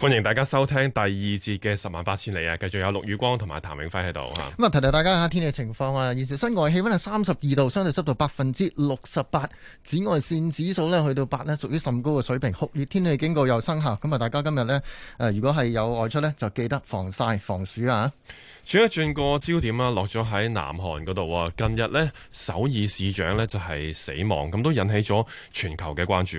歡迎大家收聽第二節嘅十萬八千里啊！繼續有陸宇光同埋譚永輝喺度吓。咁啊，提提大家下天氣情況啊！現時室外氣溫係三十二度，相對濕度百分之六十八，紫外線指數咧去到八咧，屬於甚高嘅水平。酷熱天氣警告又生效，咁啊，大家今日咧誒，如果係有外出咧，就記得防曬防暑啊！轉一轉個焦點啦，啊，落咗喺南韓嗰度啊！近日咧，首爾市長咧就係死亡，咁都引起咗全球嘅關注。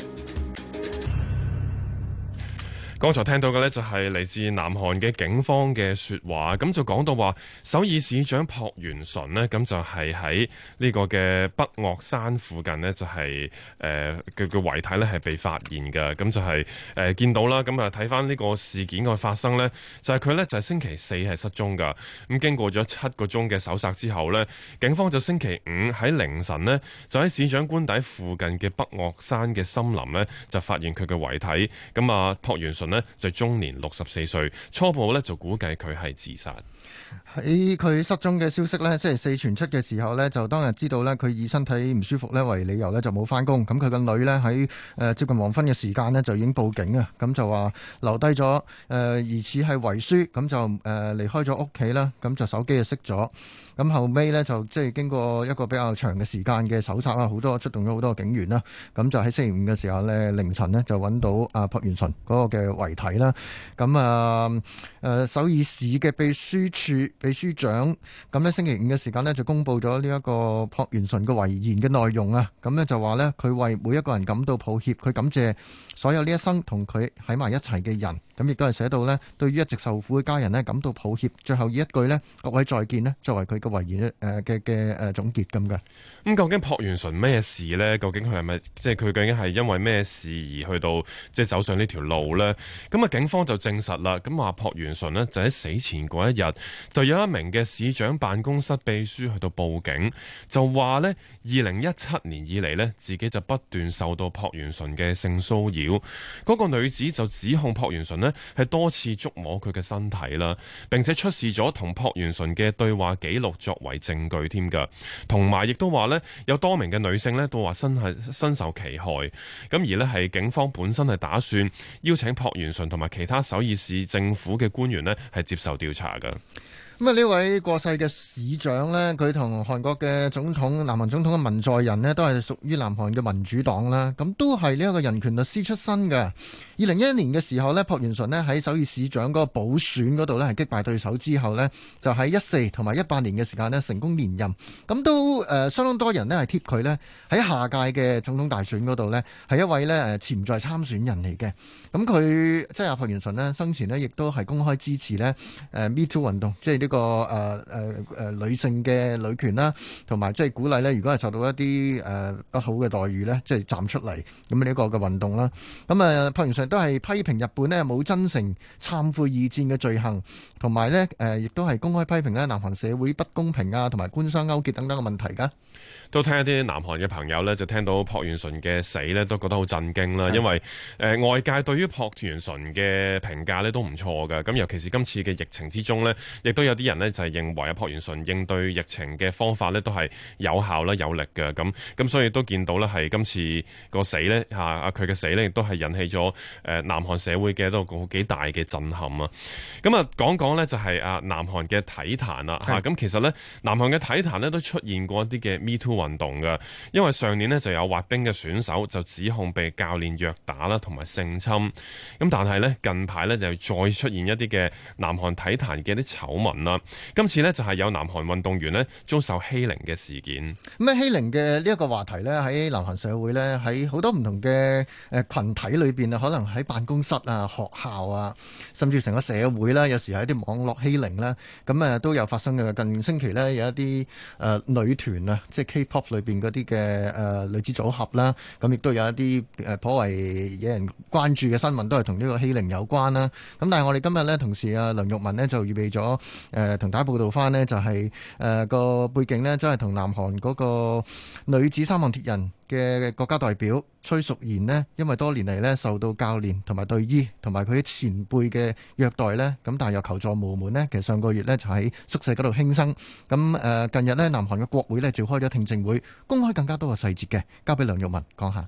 剛才聽到嘅呢，就係嚟自南韓嘅警方嘅説話，咁就講到話首爾市長朴元淳呢，咁就係喺呢個嘅北嶽山附近呢，就係誒佢嘅遺體呢，係被發現嘅，咁就係誒見到啦，咁啊睇翻呢個事件嘅發生呢，就係佢呢，就係星期四係失蹤噶，咁經過咗七個鐘嘅搜查之後呢，警方就星期五喺凌晨呢，就喺市長官邸附近嘅北嶽山嘅森林呢，就發現佢嘅遺體，咁啊朴元淳。就終年六十四歲，初步咧就估計佢係自殺。喺佢失蹤嘅消息咧，星期四傳出嘅時候咧，就當日知道咧，佢以身體唔舒服咧為理由咧，就冇翻工。咁佢個女咧喺誒接近黃昏嘅時間咧，就已經報警啊。咁就話留低咗誒疑似係遺書，咁就誒離開咗屋企啦。咁就手機就熄咗。咁後尾呢，就即係經過一個比較長嘅時間嘅搜查啦，好多出動咗好多警員啦，咁就喺星期五嘅時候呢，凌晨呢，就揾到阿朴元淳嗰個嘅遺體啦。咁啊誒首爾市嘅秘書處秘書長，咁呢，星期五嘅時間呢，就公布咗呢一個朴元淳嘅遺言嘅內容啊。咁呢，就話呢，佢為每一個人感到抱歉，佢感謝所有呢一生同佢喺埋一齊嘅人。咁亦都係寫到呢，對於一直受苦嘅家人呢，感到抱歉。最後以一句呢，各位再見咧，作為佢嘅遺言誒嘅嘅誒總結咁嘅。咁、嗯、究竟朴元淳咩事呢？究竟佢係咪即係佢究竟係因為咩事而去到即係、就是、走上呢條路呢？咁啊，警方就證實啦，咁話朴元淳呢，就喺死前嗰一日，就有一名嘅市長辦公室秘書去到報警，就話呢，二零一七年以嚟呢，自己就不斷受到朴元淳嘅性騷擾。嗰、那個女子就指控朴元淳咧。係多次觸摸佢嘅身體啦，並且出示咗同朴元淳嘅對話記錄作為證據添噶，同埋亦都話呢有多名嘅女性咧都話身係身受其害，咁而呢係警方本身係打算邀請朴元淳同埋其他首爾市政府嘅官員呢係接受調查噶。咁啊呢位過世嘅市長呢，佢同韓國嘅總統南韓總統嘅文在寅呢，都係屬於南韓嘅民主黨啦，咁都係呢一個人權律師出身嘅。二零一一年嘅時候呢，朴元淳呢喺首爾市長嗰個補選嗰度呢係擊敗對手之後呢，就喺一四同埋一八年嘅時間呢成功連任，咁都誒相當多人呢係貼佢呢喺下屆嘅總統大選嗰度呢係一位呢誒潛在參選人嚟嘅，咁佢即係阿朴元淳呢，生前呢亦都係公開支持呢誒 MeToo 運動，即係呢個誒誒誒女性嘅女權啦，同埋即係鼓勵呢，如果係受到一啲誒不好嘅待遇呢，即係站出嚟，咁呢個嘅運動啦，咁啊朴元淳，都係批評日本呢冇真誠懺悔二戰嘅罪行，同埋呢誒，亦都係公開批評呢南韓社會不公平啊，同埋官商勾結等等嘅問題噶。都聽一啲南韓嘅朋友呢，就聽到朴元淳嘅死呢，都覺得好震驚啦。因為誒、呃、外界對於朴元淳嘅評價呢，都唔錯嘅。咁尤其是今次嘅疫情之中呢，亦都有啲人呢，就係認為啊，朴元淳應對疫情嘅方法呢，都係有效啦、有力嘅。咁咁所以也都見到呢，係今次個死呢，嚇阿佢嘅死呢，亦都係引起咗。誒南韓社會嘅都好幾大嘅震撼啊！咁啊講講呢就係啊南韓嘅體壇啦、啊、嚇，咁其實呢，南韓嘅體壇呢都出現過一啲嘅 MeToo 運動嘅，因為上年呢就有滑冰嘅選手就指控被教練虐打啦同埋性侵，咁但係呢，近排呢就再出現一啲嘅南韓體壇嘅啲醜聞啦，今次呢，就係有南韓運動員呢遭受欺凌嘅事件。咁啊欺凌嘅呢一個話題呢，喺南韓社會呢，喺好多唔同嘅誒羣體裏邊啊可能。喺辦公室啊、學校啊，甚至成個社會啦、啊，有時係一啲網絡欺凌啦、啊。咁、嗯、誒都有發生嘅。近星期呢，有一啲誒、呃、女團啊，即係 K-pop 裏邊嗰啲嘅誒女子組合啦、啊，咁、嗯、亦都有一啲誒頗為惹人關注嘅新聞，都係同呢個欺凌有關啦、啊。咁、嗯、但係我哋今日呢，同事啊梁鈺雯呢就預備咗誒同大家報道翻呢，就係、是、誒、呃、個背景呢，真係同南韓嗰個女子三項鐵人嘅國家代表崔淑賢呢，因為多年嚟呢受到教練同埋隊醫同埋佢啲前輩嘅虐待呢，咁但係又求助無門呢，其實上個月呢就喺宿舍嗰度輕生。咁誒近日呢，南韓嘅國會呢召開咗聽證會，公開更加多嘅細節嘅，交俾梁鈺雯講下。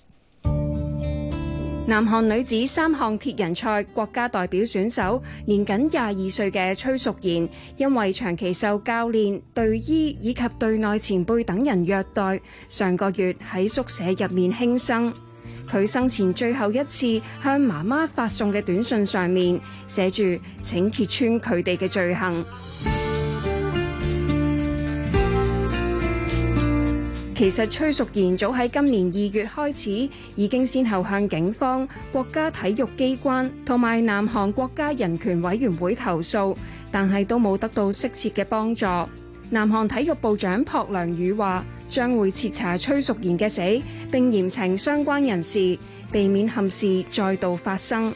南韓女子三項鐵人賽國家代表選手年僅廿二歲嘅崔淑賢，因為長期受教練、隊醫以及隊內前輩等人虐待，上個月喺宿舍入面輕生。佢生前最後一次向媽媽發送嘅短信上面寫住：寫請揭穿佢哋嘅罪行。其實崔淑賢早喺今年二月開始，已經先後向警方、國家體育機關同埋南韓國家人權委員會投訴，但係都冇得到適切嘅幫助。南韓體育部長朴良宇話，將會徹查崔淑賢嘅死，並嚴懲相關人士，避免憾事再度發生。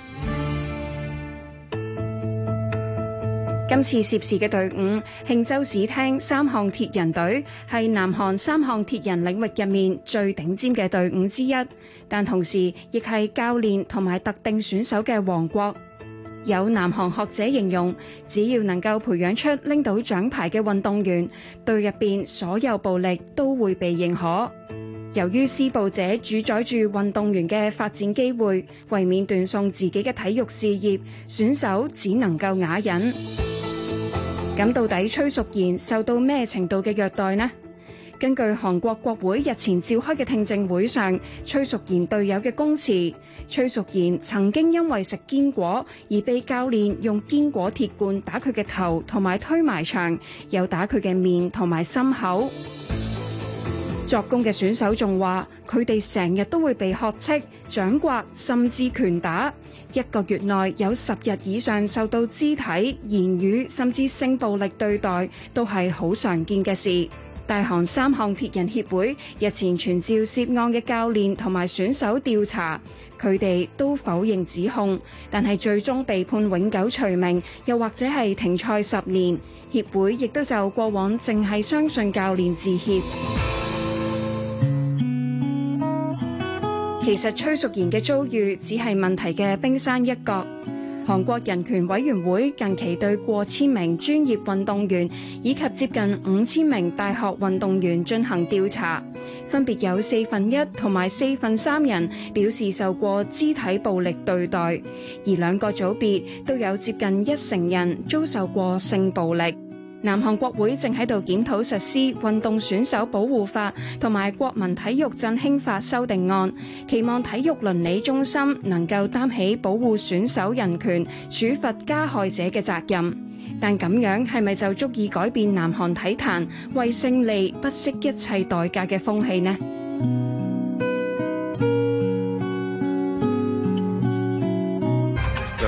今次涉事嘅隊伍慶州市廳三項鐵人隊係南韓三項鐵人領域入面最頂尖嘅隊伍之一，但同時亦係教練同埋特定選手嘅王國。有南韓學者形容，只要能夠培養出拎到獎牌嘅運動員，隊入邊所有暴力都會被認可。由於施暴者主宰住運動員嘅發展機會，為免斷送自己嘅體育事業，選手只能夠啞忍。咁到底崔淑賢受到咩程度嘅虐待呢？根據韓國國會日前召開嘅聽證會上，崔淑賢隊友嘅供詞，崔淑賢曾經因為食堅果而被教練用堅果鐵罐打佢嘅頭，同埋推埋牆，又打佢嘅面同埋心口。作供嘅選手仲話，佢哋成日都會被喝斥、掌摑，甚至拳打。一個月內有十日以上受到肢體、言語甚至性暴力對待，都係好常見嘅事。大韓三項鐵人協會日前傳召涉案嘅教練同埋選手調查，佢哋都否認指控，但係最終被判永久除名，又或者係停賽十年。協會亦都就過往淨係相信教練致歉。其實崔淑賢嘅遭遇只係問題嘅冰山一角。韓國人權委員會近期對過千名專業運動員以及接近五千名大學運動員進行調查，分別有四分一同埋四分三人表示受過肢體暴力對待，而兩個組別都有接近一成人遭受過性暴力。南韓國會正喺度檢討實施運動選手保護法同埋國民體育振興法修訂案，期望體育倫理中心能夠擔起保護選手人權、處罰加害者嘅責任。但咁樣係咪就足以改變南韓體壇為勝利不惜一切代價嘅風氣呢？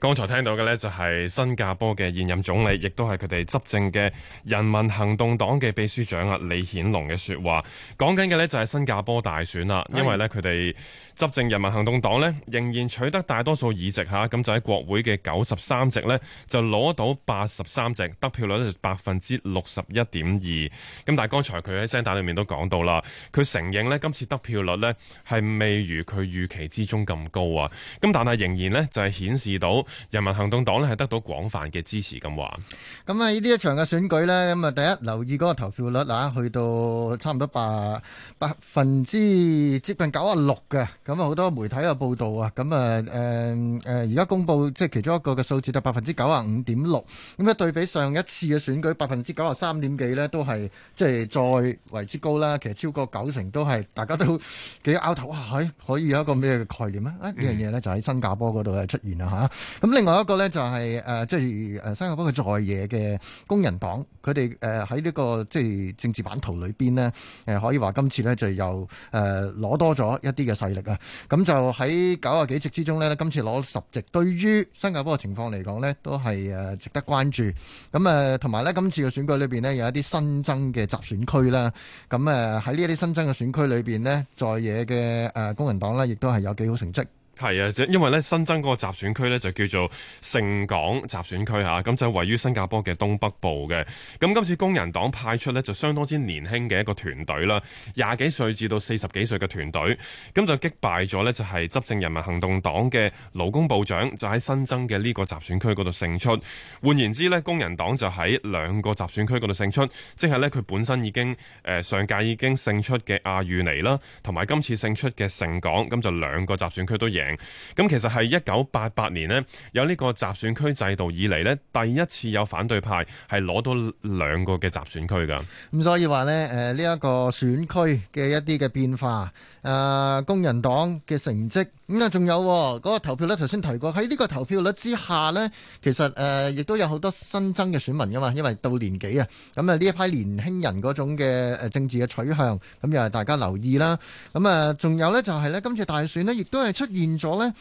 剛才聽到嘅呢，就係新加坡嘅現任總理，亦都係佢哋執政嘅人民行動黨嘅秘書長啊李顯龍嘅說話，講緊嘅呢，就係新加坡大選啦，因為呢，佢哋執政人民行動黨呢，仍然取得大多數議席吓，咁就喺國會嘅九十三席呢，就攞到八十三席，得票率百分之六十一點二。咁但係剛才佢喺聲帶裏面都講到啦，佢承認呢，今次得票率呢，係未如佢預期之中咁高啊，咁但係仍然呢，就係顯示到。人民行動黨咧係得到廣泛嘅支持咁話，咁啊呢啲一場嘅選舉呢，咁啊第一留意嗰個投票率啊，去到差唔多百百分之接近九啊六嘅，咁啊好多媒體嘅報道啊，咁啊誒誒而家公布即係其中一個嘅數字就百分之九啊五點六，咁啊對比上一次嘅選舉百分之九啊三點幾呢都係即係再為之高啦，其實超過九成都係大家都幾拗頭啊，可以有一個咩嘅概念咧？啊呢樣嘢呢就喺新加坡嗰度出現啦吓。咁另外一個呢，就係，就係誒，即係誒新加坡嘅在野嘅工人黨，佢哋誒喺呢個即係政治版圖裏邊呢，可以話今次呢就又誒攞，呃，多咗一啲嘅勢力啊！咁就喺九啊幾席之中呢，今次攞十席，對於新加坡嘅情況嚟講呢，都係誒值得關注。咁誒同埋呢，今次嘅選舉裏面呢，有一啲新增嘅集選區啦。咁誒喺呢一啲新增嘅選區裏面呢，在野嘅誒，呃，工人黨呢，亦都係有幾好成績。係啊，因為咧新增嗰個集選區呢，就叫做盛港集選區吓，咁就位於新加坡嘅東北部嘅。咁今次工人黨派出呢，就相當之年輕嘅一個團隊啦，廿幾歲至到四十幾歲嘅團隊，咁就擊敗咗呢，就係執政人民行動黨嘅勞工部長，就喺新增嘅呢個集選區嗰度勝出。換言之呢，工人黨就喺兩個集選區嗰度勝出，即係呢，佢本身已經誒上屆已經勝出嘅阿裕尼啦，同埋今次勝出嘅盛港，咁就兩個集選區都贏。咁其實係一九八八年呢，有呢個集選區制度以嚟，呢第一次有反對派係攞到兩個嘅集選區噶。咁所以話呢，誒呢一個選區嘅一啲嘅變化，誒、呃、工人黨嘅成績，咁啊仲有嗰、哦嗰個投票率呢，頭先提過喺呢個投票率之下呢，其實誒亦、呃、都有好多新增嘅選民噶嘛，因為到年紀啊，咁啊呢一批年輕人嗰種嘅誒政治嘅取向，咁又係大家留意啦。咁啊仲有呢，就係、是、呢，今次大選呢，亦都係出現。咗咧，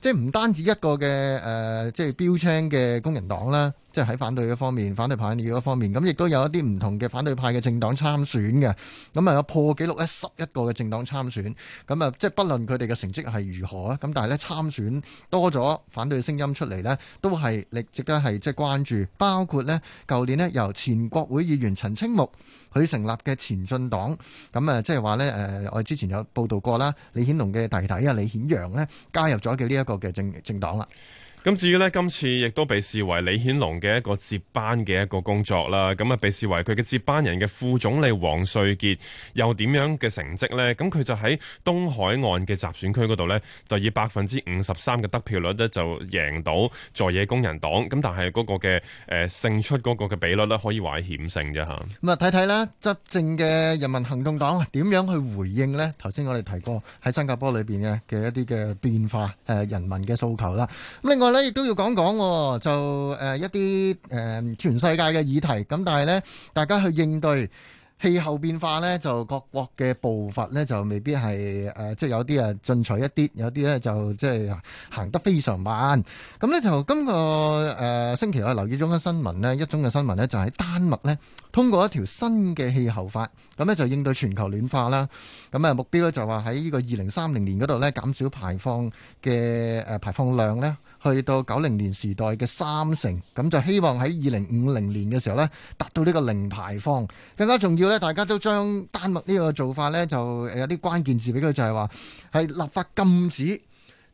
即係唔單止一個嘅，誒、呃，即係標青嘅工人黨啦。即係喺反對嘅方面，反對派嘅一方面，咁亦都有一啲唔同嘅反對派嘅政黨參選嘅，咁啊有破紀錄咧十一個嘅政黨參選，咁啊即係不論佢哋嘅成績係如何啊，咁但係咧參選多咗，反對聲音出嚟呢，都係力值得係即係關注。包括呢舊年呢由前國會議員陳清木佢成立嘅前進黨，咁啊即係話呢，誒，我之前有報導過啦，李顯龍嘅弟弟啊李顯陽呢，加入咗嘅呢一個嘅政政黨啦。咁至於咧，今次亦都被視為李顯龍嘅一個接班嘅一個工作啦。咁啊，被視為佢嘅接班人嘅副總理王瑞杰又點樣嘅成績呢？咁佢就喺東海岸嘅集選區嗰度呢，就以百分之五十三嘅得票率呢，就贏到在野工人黨。咁但係嗰個嘅誒、呃、勝出嗰個嘅比率呢，可以話係險勝啫嚇。咁啊，睇睇呢，執政嘅人民行動黨點樣去回應呢？頭先我哋提過喺新加坡裏邊嘅嘅一啲嘅變化，誒、呃、人民嘅訴求啦。另外。亦、啊、都要講講，就誒、呃、一啲誒、呃、全世界嘅議題咁，但係呢，大家去應對氣候變化呢，就各國嘅步伐呢，就未必係誒、呃，即係有啲誒進取一啲，有啲呢就即係行得非常慢。咁、嗯、呢，就今、這個誒、呃、星期我留意咗一新聞呢，一宗嘅新聞呢，就喺、是、丹麥呢通過一條新嘅氣候法，咁、嗯、呢，就應對全球暖化啦。咁、嗯、啊目標呢，就話喺呢個二零三零年嗰度呢，減少排放嘅誒、呃、排放量呢。去到九零年時代嘅三成，咁就希望喺二零五零年嘅時候呢，達到呢個零排放。更加重要呢，大家都將丹麥呢個做法呢，就有啲關鍵字俾佢，就係話係立法禁止。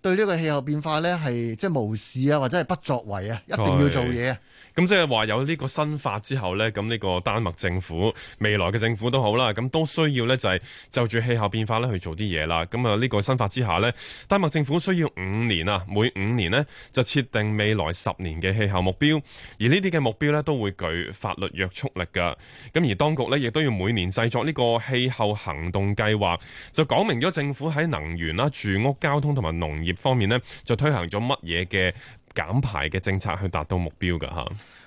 對呢個氣候變化呢係即係無視啊，或者係不作為啊，一定要做嘢啊！咁即係話，有呢個新法之後呢，咁呢個丹麥政府、未來嘅政府都好啦，咁都需要呢，就係就住氣候變化呢去做啲嘢啦。咁啊，呢個新法之下呢，丹麥政府需要五年啊，每五年呢就設定未來十年嘅氣候目標，而呢啲嘅目標呢都會具法律約束力㗎。咁而當局呢，亦都要每年製作呢個氣候行動計劃，就講明咗政府喺能源啦、住屋、交通同埋農業方面咧，就推行咗乜嘢嘅減排嘅政策去達到目標噶？吓。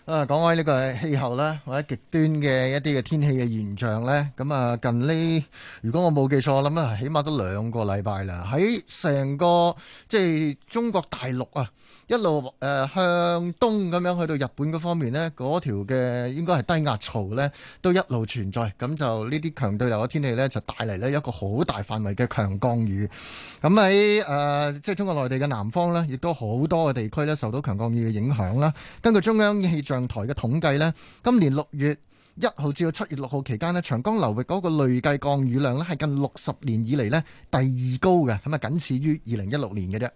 啊，講開呢個氣候咧，或者極端嘅一啲嘅天氣嘅現象咧，咁啊近呢，如果我冇記錯，我諗啊，起碼都兩個禮拜啦。喺成個即係中國大陸啊，一路誒、呃、向東咁樣去到日本嗰方面呢，嗰條嘅應該係低壓槽咧，都一路存在。咁就呢啲強對流嘅天氣咧，就帶嚟咧一個好大範圍嘅強降雨。咁喺誒即係中國內地嘅南方咧，亦都好多嘅地區咧受到強降雨嘅影響啦。根據中央氣象上台嘅統計呢，今年六月一號至到七月六號期間呢，長江流域嗰個累計降雨量呢，係近六十年以嚟呢第二高嘅，咁啊僅次於二零一六年嘅啫。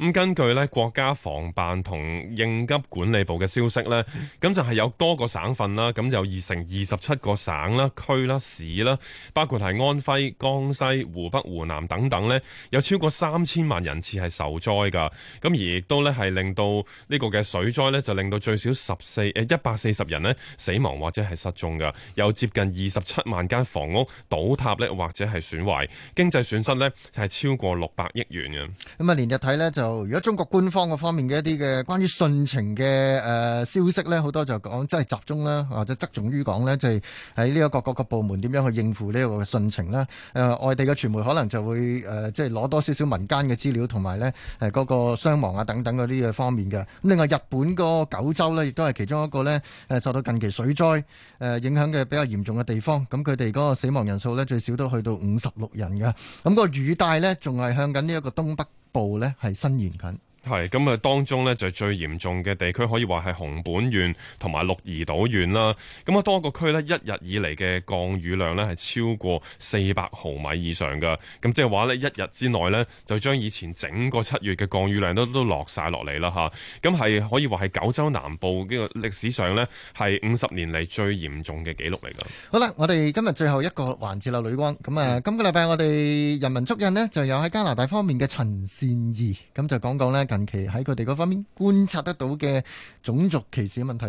咁根據呢國家防辦同應急管理部嘅消息呢，咁就係有多個省份啦，咁有二成二十七個省啦、區啦、市啦，包括係安徽、江西、湖北、湖南等等呢，有超過三千萬人次係受災㗎。咁而亦都呢係令到呢個嘅水災呢，就令到最少十四誒一百四十人呢死亡或者係失蹤㗎，有接近二十七萬間房屋倒塌呢或者係損壞，經濟損失呢係超過六百億元嘅。咁啊，連日睇呢就。如果中國官方嗰方面嘅一啲嘅關於汛情嘅誒消息呢，好多就講即係集中啦，或者側重於講呢，就係喺呢個各各部門點樣去應付呢個汛情啦。誒、呃，外地嘅傳媒可能就會誒、呃、即係攞多少少民間嘅資料同埋呢誒嗰個傷亡啊等等嗰啲嘅方面嘅。咁另外日本嗰九州呢，亦都係其中一個呢誒受到近期水災誒、呃、影響嘅比較嚴重嘅地方。咁佢哋嗰個死亡人數呢，最少都去到五十六人嘅。咁，個雨帶呢，仲係向緊呢一個東北。部咧係伸延緊。係咁啊，當中呢就最嚴重嘅地區可以話係熊本縣同埋鹿兒島縣啦。咁啊，多個區呢一日以嚟嘅降雨量呢係超過四百毫米以上噶。咁即係話呢一日之內呢就將以前整個七月嘅降雨量都都落晒落嚟啦吓。咁係可以話係九州南部呢個歷史上呢係五十年嚟最嚴重嘅記錄嚟噶。好啦，我哋今日最後一個環節啦，女官。咁啊、呃，今個禮拜我哋人文足印呢就有喺加拿大方面嘅陳善宜，咁就講講呢。近期喺佢哋嗰方面觀察得到嘅種族歧視問題，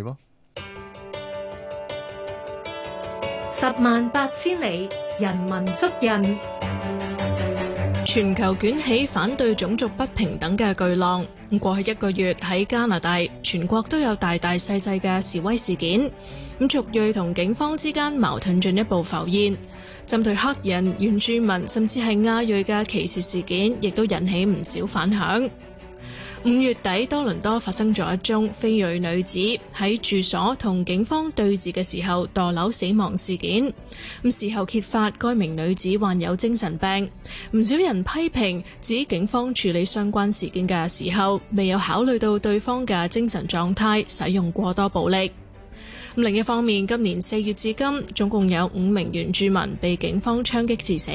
十萬八千里人文足印，全球捲起反對種族不平等嘅巨浪。過去一個月喺加拿大全國都有大大小小嘅示威事件，咁族裔同警方之間矛盾進一步浮現，針對黑人原住民甚至係亞裔嘅歧視事件，亦都引起唔少反響。五月底，多倫多發生咗一宗非裔女子喺住所同警方對峙嘅時候墮樓死亡事件。咁事後揭發，該名女子患有精神病，唔少人批評指警方處理相關事件嘅時候，未有考慮到對方嘅精神狀態，使用過多暴力。另一方面，今年四月至今，總共有五名原住民被警方槍擊致死，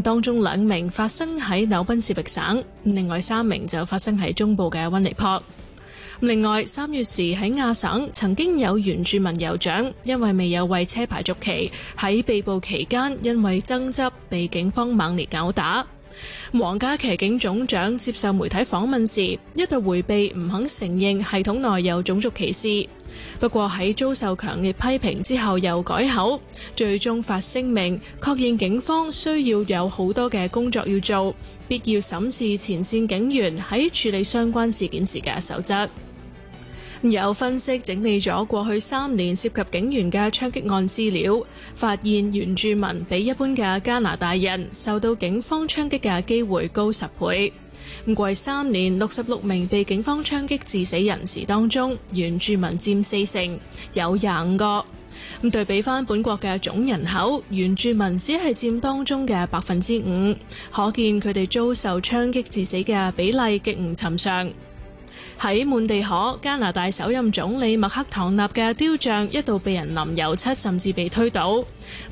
當中兩名發生喺紐賓士域省，另外三名就發生喺中部嘅溫尼泊。另外三月時喺亞省，曾經有原住民酋長因為未有為車牌續期，喺被捕期間因為爭執被警方猛烈毆打。皇家騎警總長接受媒體訪問時，一度回避，唔肯承認系統內有種族歧視。不過喺遭受強烈批評之後，又改口，最終發聲明確認警方需要有好多嘅工作要做，必要審視前線警員喺處理相關事件時嘅守則。有分析整理咗過去三年涉及警員嘅槍擊案資料，發現原住民比一般嘅加拿大人受到警方槍擊嘅機會高十倍。咁三年六十六名被警方槍擊致死人士當中，原住民佔四成，有廿五個。對比返本國嘅總人口，原住民只係佔當中嘅百分之五，可見佢哋遭受槍擊致死嘅比例極唔尋常。喺滿地可加拿大首任總理麥克唐納嘅雕像一度被人淋油漆，甚至被推倒。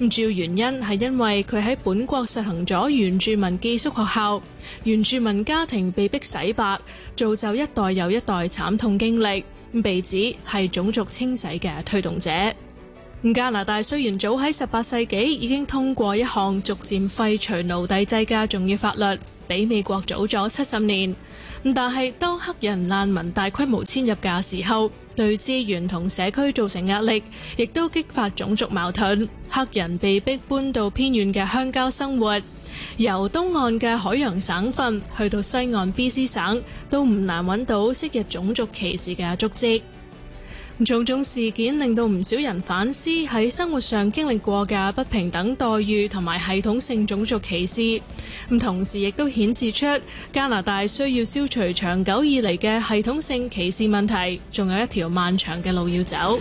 咁主要原因係因為佢喺本國實行咗原住民寄宿學校，原住民家庭被逼洗白，造就一代又一代慘痛經歷，被指係種族清洗嘅推動者。加拿大雖然早喺十八世紀已經通過一項逐漸廢除奴隸制嘅重要法律。比美國早咗七十年，咁但係當黑人難民大規模遷入嘅時候，對資源同社區造成壓力，亦都激發種族矛盾。黑人被迫搬到偏遠嘅鄉郊生活，由東岸嘅海洋省份去到西岸 BC 省，都唔難揾到昔日種族歧視嘅足跡。種種事件令到唔少人反思喺生活上經歷過嘅不平等待遇同埋系統性種族歧視，同時亦都顯示出加拿大需要消除長久以嚟嘅系統性歧視問題，仲有一條漫長嘅路要走。